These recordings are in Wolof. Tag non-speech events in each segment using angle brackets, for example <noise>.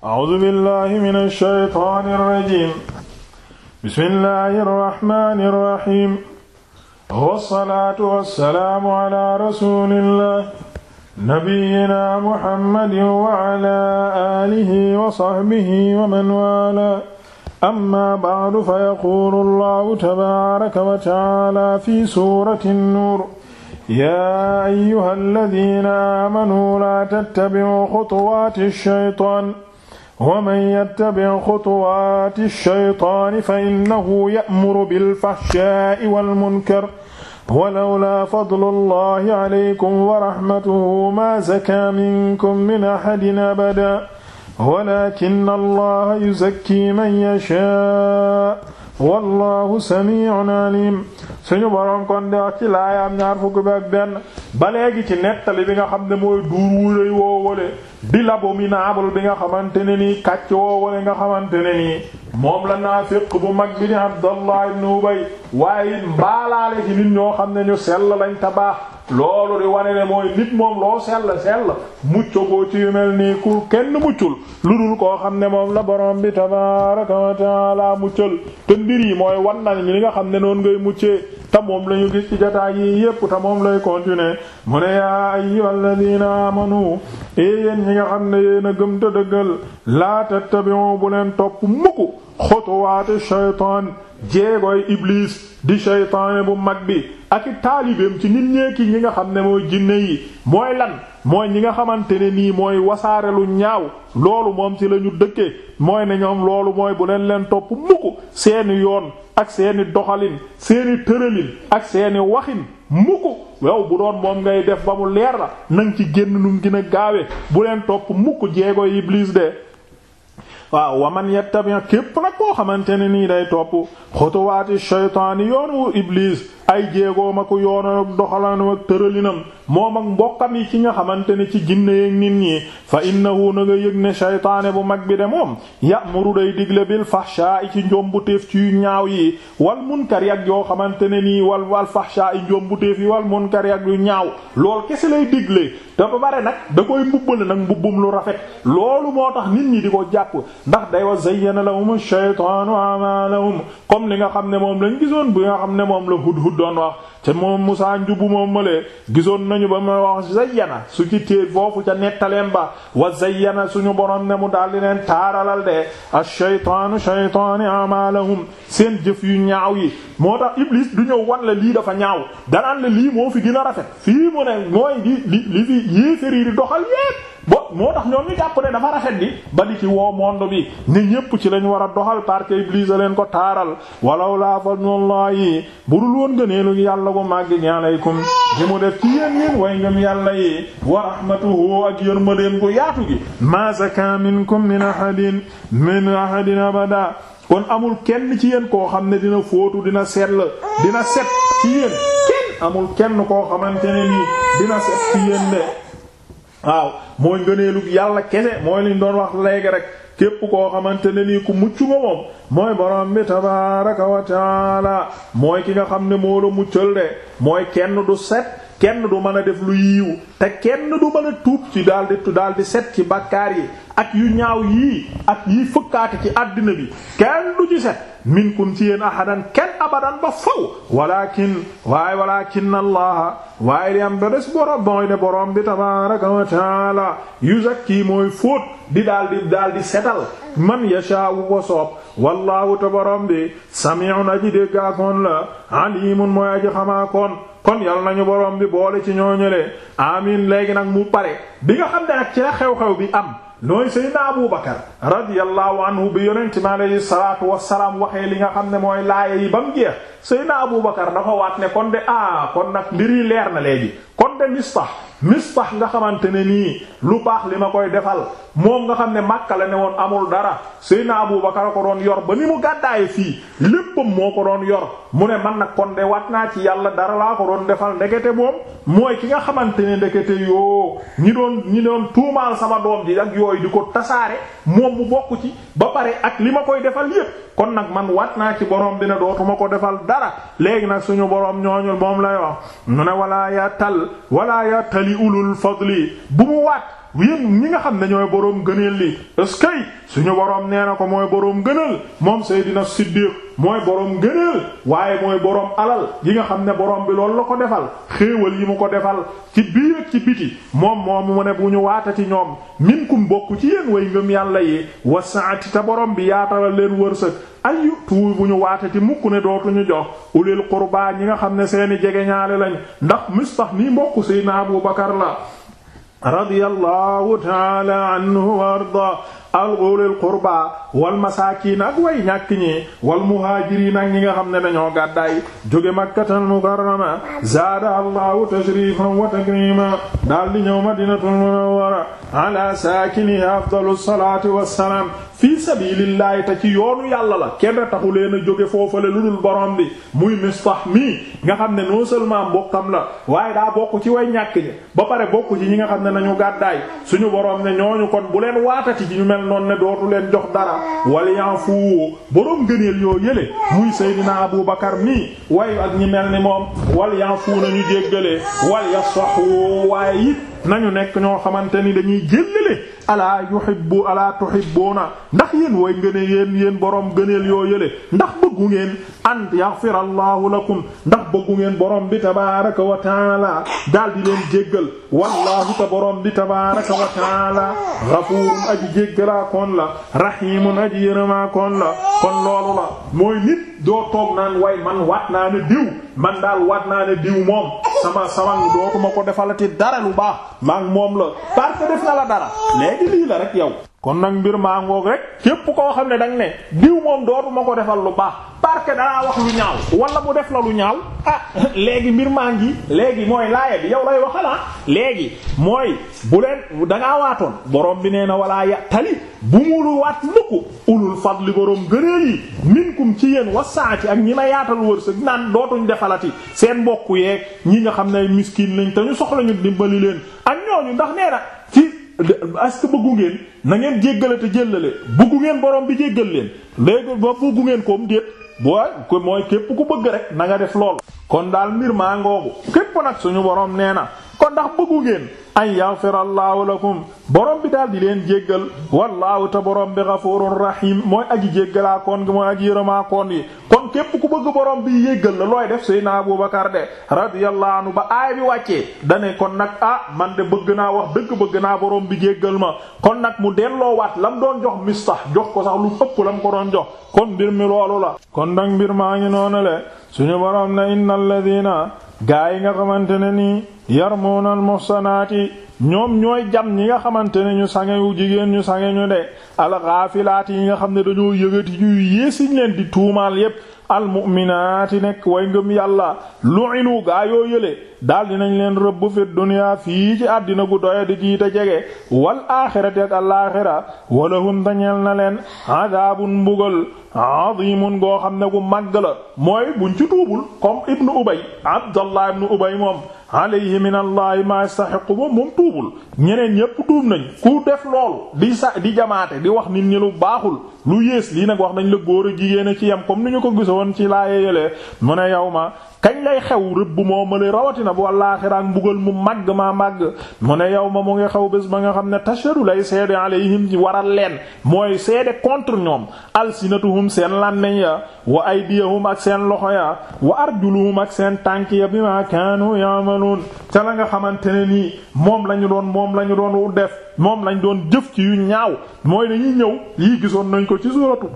A'uuzu billaahi mina shaytaani rajiim. Bismillaahi rahmaani rahiim. Wassalaatu wassalaamu alaa rasuulillaahi nabiyyinaa Muhammadin wa alaa aalihi wa sahbihi wa man waalaahu. Ammaa ba'du fayaquulu Allaahu tabaaraka wa ta'aalaa fii suurati Nuur. Yaa ayyuhal laziina aamanuu laa tattabi'uu xutuwaati shaytaan. wa man yattabi' xutuwaati ash-shaytaani fa innahu ya'muru bil-fahshaa'i wal-munkar walawlaa fadlu llaahi alaykum wa rahmatuhu maa zakaa minkum min ahadin abadan walaakinna llaaha yuzakkii man yashaa' wallahu sami'un alim suñu boroom kon di wax ci laayaam ñaar fukki bi ak benn ba léegi ci nettali bi nga xam ne mooy duur wuréy woowale di l'abominable bi nga xamante ne nii kàcc woowale nga xamante ne nii moom la naafiq bu mag bi di Abdallah ibn Ubay waaye it mbaalaale ci nit ñoo xam ne ñu sell lañ tabaax loolu di wane ne mooy nit moom loo sell sell muccagoo ci yu mel nii ku kenn muccul lu dul koo xam ne moom la borom bi tabaaraka wa taala muccal te mbir yi mooy wan nañ li nga xam ne noonu ngay muccee te moom la ñu gis ci jotaay yii yépp te moom lay continuer mu ne yaa ayyuhal na amanu Eh, yéen ñi nga xam ne yéen a gëm te dëggal laa tattabi'u bu leen topp mukk xutuwaati shaytaan jéegooy iblis di shaytaane bu mag bi ak i taalibeem ci nit ki ñi nga xam ne mooy jinne yi mooy lan mooy ñi nga xamante ne nii mooy wasaare lu ñaaw loolu moom ci lañu ñu dëkkee mooy ne ñoom loolu mooy bu leen leen topp mukk seeni yoon ak seeni doxalin seeni tëralin ak seeni waxin mu ko bu doon moom ngay def ba mu leer la nang ci génn nu mu gën a gaawe bu leen topp mukk jeego iblis de waaw waman yattabi képp nag koo xamante ne nii day topp xutuwaati shaytaani yoonu iblis ay jéegoom ak yoonam ak doxalanam ak tëralinam moom ak mbokkam yi ci nga xamante ne ci jinne yeek nit ñi fa innahu na nga yëg ne shaytaane bu mag bi de moom ya'muru day digle bil fahshaa'i ci njombuteef ci ñaaw yi wal munkari ak yoo xamante ne nii wal wal fahshaa'i njombuteef yi wal munkari ak yu ñaaw lool kese lay digle te ba bare nag da koy mbubbale nag mbubbum lu rafet loolu moo tax nit ñi di ko jàpp ndax day wa zayyana lahum ash-shaytaanu a'maalahum comme li nga xam ne moom lañ gisoon bi nga xam ne moom la hudhud doon wax te moom Musaa Njubu moom malee gisoon nañu ba mooy wax zayyana su ci téye foofu ca nettaleen ba wa zayyana suñu borom ne mu daldi leen taaralal de ash-shaytaanu shaytaani a'maalahum seen jëf yu ñaaw yi moo tax Iblis du ñëw wan la lii dafa ñaaw danaan la lii moo fi gën rafet fii mu ne mooy li li li fi yéeféri di doxal yépp moo tax ñoom ñu jàpp ne dafa rafet di ba di ci woo monde bi ne ñépp ci lañ war a doxal parce que leen ko taaral walaw laa fadlullahi budul woon gëneelu yàlla bu màgg gi alaykum di mu def ci yéen ñeen way ngëm yàlla yi wa rahmatuhu ak yërmandeem gu yaatu gi ma zaka minkum min ahadin min ahadin abada kon amul kenn ci yéen koo xam ne dina fóotu dina sell dina set ci yéen kenn amul kenn koo xamante ne nii dina set ci yéen de waaw mooy ngëneelu yàlla kese mooy liñ doon wax léegi rek képp koo xamante ne nii ku mucc nga moom mooy borom bi tabaaraka wa taala mooy ki nga xam ne moo la muccal de mooy kenn du set kenn du mën a def lu yiiw te kenn du mën a tuub ci daal di daal di set ci bàkkaar yi ak yu ñaaw yii ak yi fëkkaate ci àddina bi kenn du ci set min ci yéen ahadan kenn abadan ba faw walakin waaye walakin allah waaye li am ba des borom mooy ne borom bi tabaaraka wa taala yuzakki mooy fóot di daal di daal di setal man yashaawu ko soob wallaahu te borom bi sami'un aji déggaakoon la alimun mooy aji xamaakoon kon yal nañu borom bi boole ci ñooñu le amin léegi nag mu pare bi nga xam ne nag ci la xew-xew bi am. nooy Seydina Abu Bakar radiyallahu anhu bi yonent mi alayhi salaatu wassalaam waxee li nga xam ne mooy laaye yi ba mu jeex Seydina Abu Bakar dafa waat ne kon de ah kon nag mbir yi leer na léegi kon de Mistah Mistah nga xamante ne nii lu baax li ma koy defal moom nga xam ne Makka ne woon amul dara Seydina Abu Bakar ko doon yor ba ni mu gàddaaye fii léppam moo ko doon yor mu ne man nag kon de wat naa ci yàlla dara laa ko doon defal ndekete moom mooy ki nga xamante ne ndekete yoo ñi doon ñi doon tuumaal sama doom ji ak yooyu di ko tasaare moom mu bokk ci ba pare ak li ma koy defal yépp kon nag man wat naa ci borom bi ne dootuma ko defal dara léegi nag suñu borom ñooñu moom lay wax mu ne walaa ya tal walaa ya tali ulul fadli bu mu waat yéen ñi nga xam ne ñooy boroom gëneel li est que suñu boroom nee na ko mooy boroom gënal moom Seydina Siddiq mooy boroom gëneel waaye mooy boroom alal yi nga xam ne boroom bi loolu la ko defal xéewal yi mu ko defal ci biir ak ci biti moom moom mu ne bu ñu waata ci ñoom minkum bokk ci yéen way ngëm yàlla yi wasaati ta boroom bi yaatalal leen wërsëg ay tuuy bu ñu waate ci mukk ne dootuñu jox ulil qurbaa ñi nga xam ne seeni jege ñaale lañ ndax mistax nii mbokk Seydina Abu Bakar la radiyallahu ta'ala anhu wa arda al ulil qurba wal masaakiin ak way ñàkk ñi wal muhaajiriin ak ñi nga xam ne dañoo gàddaay jóge makkatal mukarrama zaadaha allahu tashrifan wa takrima daal di ñëw madinatul munawwara ala saakiniha afdalu salaati wassalaam fii sabilillahi te ci yoonu yàlla la kenn taxu leen a jóge foofale lu dul borom bi muy mistah mii nga xam ne non seulement mbokkam la waaye daa bokk ci way ñàkk ñi ba pare bokk ci ñi nga xam ne nañu gàddaay suñu borom ne ñooñu kon bu leen waatati ci ñu mel noonu ne dootu leen jox wal ya'fu borom gëneel yoo yële muy Seydina Abu Bakar nii waaye ak ñi mel ni moom walyan wal ya'fu nañu jéggale wal yasfahu waaye it nañu nekk ñoo xamante ni dañuy jéllale alaa yuhibbu alaa tuhibbuuna ndax yéen way ngëne yéen yéen borom gëneel yoo yële ndax bëggu ngeen an yaghfirallahu lakum ndax bëggu ngeen borom bi tabaaraka wa taala leen jéggal wallaahu ta borom bi tabaaraka wa taala ghafuurun aji jéggalaa kon la rahiimun aji yërëmaa la kon loolu la mooy nit doo toog naan way man waat naa ne diw moom sama sama dootuma ko defalati dara lu baax maak moom la parce que def na la dara léegi lii la rek yow kon nag mbir maa ngoog rek képp koo xam ne danga ne diw moom dootuma ko defal lu baax parce que danaa wax lu ñaaw wala mu def la lu ñaaw ah <laughs> léegi mbir maa ngi léegi mooy laaya bi yow lay waxala ah léegi mooy bu leen dangaa waatoon borom bi nee na walaa ya tali bu mulu waat mukk ulul fadli borom gëneel yi minkum ci yéen wasaati ak ñi ma yaatal wërsëg naan dootuñ defalati seen mbokk yeeg ñi nga xam ne miskin lañ te ñu soxla ñu dimbali leen ak ñooñu est-ce que bëggu ngeen na ngeen jéggale te jéllale bëggu ngeen borom bi jéggal leen léegi ba bëggu ngeen koom déet bu ko mooy képp ku bëgg rek na nga def lool kon daal mbir maa ngoogu képp nag suñu borom nee na kon ndax bëggu ngeen an yaghfirallahu lakum borom bi daal di leen jéggal wallaahu te borom bi ghafurur rahim mooy aji jéggalaa koon gi mooy aji yërëmaa koon yi kon képp ku bëgg borom bi yéggal la looy def seyna Abubakar de radiyallahu anhu ba aay bi wàccee dane kon nag ah man de bëgg naa wax dëgg bëgg naa borom bi jéggal ma kon nag mu delloo waat lam doon jox mis sax jox ko sax lu xëpp lam ko doon jox suñu boroom na innal ladina gaa yi nga xamante ne nii yarmuuna al muhsanaati ñoom ñooy jam ñi nga xamante ne ñu sange wu jigéen ñu sange ñu de alxaafilaat yi nga xam ne dañoo yëgati ñuy yéesiñ leen di tuumaal yépp almuminaati nekk way ngëm yàlla lu'inu gaa yoo yële daal dinañ leen rëbb fi dunya fii ci àddina gu doya di jiite jege wal aaxirati ak alaaxira walahum tañeel na leen adaabun mbugal azimun goo xam ne gu màgg la mooy buñ ci tuubul comme ibnu ubay abdallah ibnu ubay moom alayhi min allahi ma yastahiqu moom moom tuubul ñeneen ñépp tuub nañ ku def loolu di sa di jamaate di wax nit ñi lu baaxul lu yées lii nag wax nañ la góor a jigéen a ci yam comme ni ñu ko woon ci laaye yelee mu ne yow ma kañ lay xew rëbb moo mëne rawatina bu àllaaxira mbugal mu màgg maa màgg mu ne yow ma mu ngi xew bés ba nga xam ne tashadu lay seede alayhim ci waral leen mooy seede contre ñoom alsinatuhum seen làmmeñ ya wa aydiyahum ak seen loxo ya wa arjuluhum ak seen tànk ya bima kaanu ya'malun ca la nga xamante ne nii moom lañu doon moom lañu doon def moom lañ doon jëf ci yu ñaaw mooy dañuy ñëw lii gisoon nañ ko ci suuratu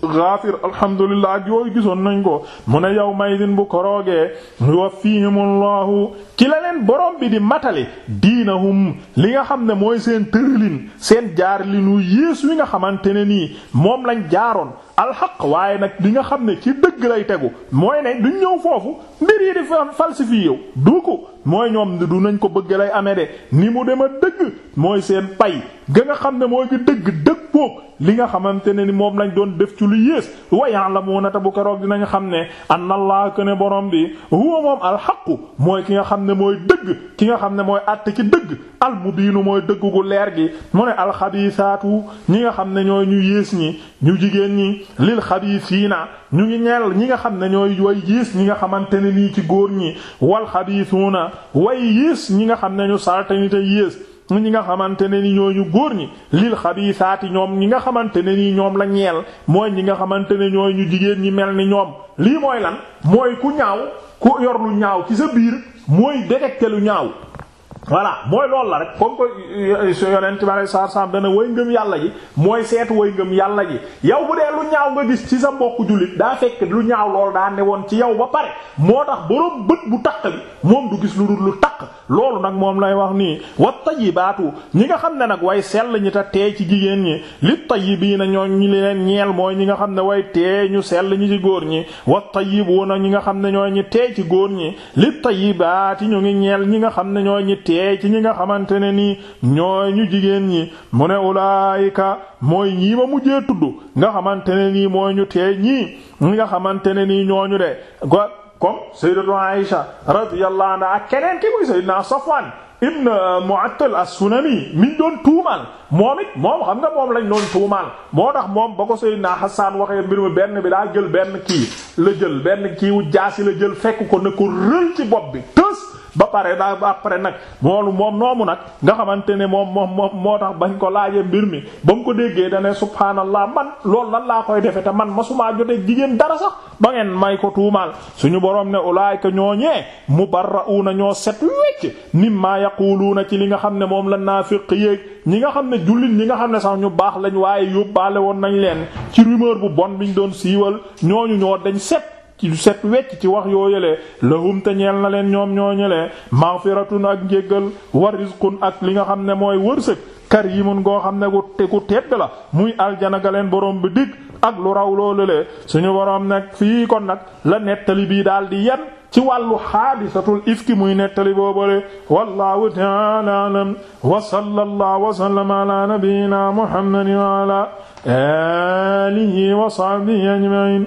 Gaafir alhamdulilah ak yooyu gisoon nañ ko mu ne yow maydin bu koroogee yuwaffihimullaahu ki la leen borom bi di matali diinahum li nga xam ne mooy seen tërlin seen jaar yéesu nu nga xamante ne nii moom lañ jaaroon alxaq waaye nag li nga xam ne ci dëgg lay tegu mooy ne du ñëw foofu mbir yi di falsifié yow du mooy ñoom du nañ ko bëgg lay amee de ni mu dema dëgg mooy seen pay ga nga xam ne mooy gi dëgg dëppook li nga xamante ne ni moom lañ doon def ci lu yées la ya'lamuna ta bu keroog dinañ xam ne anna allah ne borom bi huwa moom alxaqu mooy ki nga xam ne mooy dëgg ki nga xam ne mooy àtt ci dëgg al mubiinu mooy dëgg ku leer gi mu ne alxabiisaatu ñi nga xam ne ñooy ñu yées ñi ñu jigéen ñi lil xabiisiina ñu ngi ñeel ñi nga xam ne ñooy way yiis ñi nga xamante ne nii ci góor ñi wal xabiisuuna way yiis ñi nga xam ne ñu saltanite yiis ñi nga xamante ne ni góor ñi lil xabiisaati ñoom ñi nga xamante ne nii ñoom la ñeel mooy ñi nga xamante ne ñooy ñu jigéen ñi mel ni ñoom lii mooy lan mooy ku ñaaw ku yor lu ñaaw ci sa biir mooy détecter lu ñaaw voilà mooy loolu la rek comme que euh, su yonent ma lay saa saa dana way ngëm yàlla ji mooy seetu way ngëm yàlla ji yow bu dee lu ñaaw nga gis ci sa mbokku jullit daa fekk lu ñaaw lool daa ne woon ci yow ba pare moo tax boroom bët bu takk bi moom du gis lu dul lu takk loolu nag moom lay wax nii wa tayibaatu ñi nga xam ne nag way sell ñi te teey ci jigéen ñi li tayibiina ñoo ñi leen ñeel mooy ñi nga xam ne way teey ñu sell ñi ci góor ñi wa tayibuuna ñi nga xam ne ñooy ñi teey ci góor ñi li tayibaati ñu ngi ñeel ñi nga xam ne ñooy ñi teey yee ci ñi nga xamante ne nii ñooy ñu jigéen ñi mu ne ulaayika mooy ñii ma mujjee tudd nga xamante ne nii mooy ñu tee ñii ñi nga xamante ne nii ñooñu de comme sayyidatu Aisha radiyallahu anha ak keneen ki muy sayyidina Safwan ibn Mu'attal as-Sulami miñ doon tuumaal moom it moom xam nga moom lañ doon tuumaal moo tax moom ba ko sayyidina Hassan waxee mbir mi benn bi daa jël benn kii la jël benn kiiwu jaasi la jël fekk ko ne ko rël ci bopp bi tës ba pare daa après nag moolu moom noomu nag nga xamante ne moom moom moom moo tax bañ ko laajee mbir mi ba mu ko déggee dane subhaanallah man loolu lan laa koy defe te man masumaa jotee jigéen dara sax ba ngeen may ko tuumaal suñu borom ne ulaayka ñooñee na ñoo set wecc mimmaa yaquluuna ci li nga xam ne moom lan naa naafiq yéeg ñi nga xam ne jullit ñi nga xam ne sax ñu baax lañu waaye yóbbaale woon nañ leen ci rumeur bu bon bi ñu doon siiwal ñooñu ñoo dañ set ci set wecc ci wax yoo yële lahum te ñeel na leen ñoom ñoo ñëlee maghfiratun ak njéggal wa rizqun ak li nga xam ne mooy wërsëg karimun goo xam ne ku ku tedd la muy aljana ga leen borom bi dig ak lu raw loolu le suñu borom nag fii kon nag la nettali bii daal di yen ci wàllu xaadisatul ifki muy nettali boobale wallahu ta'ala alam wa sallallahu wa sallama ala nabiyyina muhammadin wa ala alihi wa sahbihi ajma'in